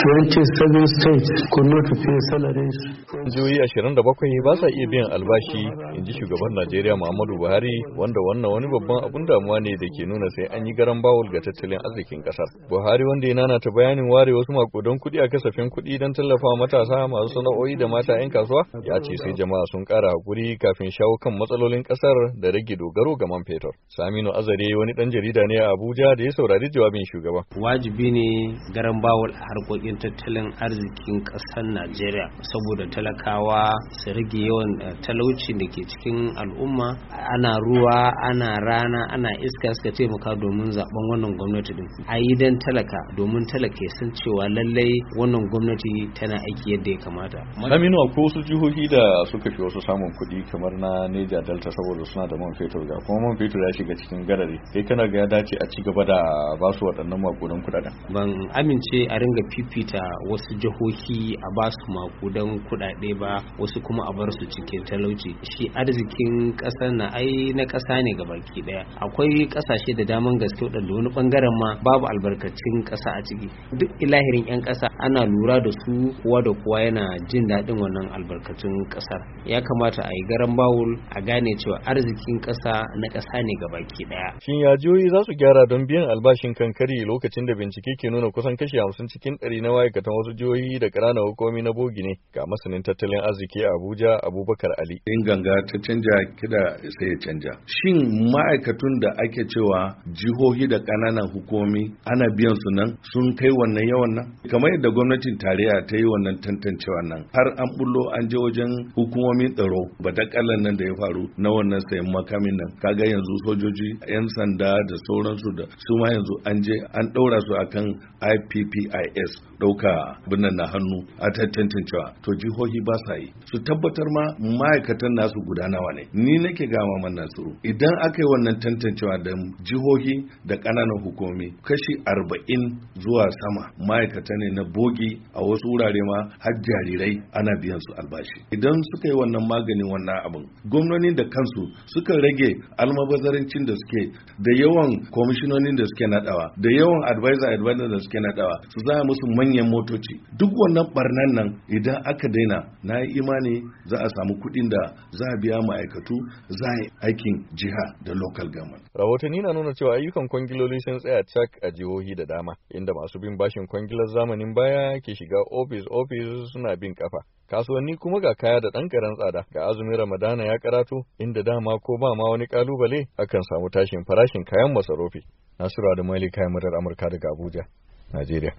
27 states could not pay salaries. Jihohi 27 ba sa iya biyan albashi, in ji shugaban Najeriya Muhammadu Buhari, wanda wannan wani babban abun damuwa ne da ke nuna sai an yi garan bawul ga tattalin arzikin kasar. Buhari wanda ya nana ta bayanin ware wasu makudan kuɗi a kasafin kuɗi don tallafa matasa masu sana'o'i da mata 'yan kasuwa, ya ce sai jama'a sun ƙara haƙuri kafin shawo kan matsalolin kasar da rage dogaro ga man fetur. Saminu Azare wani ɗan jarida ne a Abuja da ya saurari jawabin shugaban. Wajibi ne garan bawul harkokin sauƙin tattalin arzikin ƙasar najeriya saboda talakawa su rage yawan eh, talauci da ke cikin al'umma ana ruwa ana rana ana iska suka taimaka domin zaben wannan gwamnati din a yi don talaka domin talaka san cewa lallai wannan gwamnati tana aiki yadda ya kamata aminu ko wasu jihohi da suka fi wasu samun kuɗi kamar na neja delta saboda suna da man fetur ga kuma man fetur ya shiga cikin gadari, kai kana ga ya dace a ci gaba da ba su waɗannan makudan kuɗaɗen ban amince a ringa fifi fita wasu jihohi a ba su makudan kuɗaɗe ba wasu kuma a bar su cikin talauci shi arzikin kasar na ai na ƙasa ne ga baki ɗaya akwai ƙasashe da daman gaske da wani bangaren ma babu albarkacin ƙasa a ciki duk ilahirin 'yan ƙasa ana lura da su kowa da kowa yana jin daɗin wannan albarkacin kasar ya kamata a yi garan bawul a gane cewa arzikin ƙasa na kasa ne ga baki ɗaya shin ya za su gyara don biyan albashin kankari lokacin da bincike ke nuna kusan kashi hamsin cikin ɗari na na ma'aikatan wasu jihohi da ƙananan hukumi na bogi ne ga masanin tattalin arziki a Abuja Abubakar Ali. In ganga ta canja kida sai ya canja. Shin ma'aikatun da ake cewa jihohi da ƙananan hukumi ana biyan su nan sun kai wannan yawan nan? Kamar yadda gwamnatin tarayya ta yi wannan tantancewa nan har an bullo an je wajen hukumomin tsaro ba ta nan da ya faru na wannan sayan makamin nan kaga yanzu sojoji 'yan sanda da sauransu da su ma yanzu an je an ɗaura su akan IPPIS ɗauka birnin na hannu a tantancewa to jihohi ba sa yi su tabbatar ma ma'aikatan nasu gudanawa nawa ne ni nake gama man nasiru idan aka yi wannan tantancewa da jihohi da ƙananan hukumomi kashi arba'in zuwa sama ma'aikata ne na bogi a wasu wurare ma har jarirai ana biyan su albashi idan suka yi wannan maganin wannan abin gwamnoni da kansu suka rage almabazarancin da suke da yawan kwamishinonin da suke nadawa da yawan advisor advisor da suke nadawa su za musu manyan manyan motoci duk wannan barnan nan idan aka daina na yi imani za a samu kuɗin da za a biya ma'aikatu za a yi aikin jiha da local government rahotanni na nuna cewa ayyukan kwangiloli sun tsaya cak a jihohi da dama inda masu bin bashin kwangilar zamanin baya ke shiga ofis ofis suna bin kafa kasuwanni kuma ga kaya da ɗan karen tsada ga azumin ramadana ya karatu inda dama ko ba ma wani kalubale akan samu tashin farashin kayan masarufi nasiru da maili kayan murar amurka daga abuja najeriya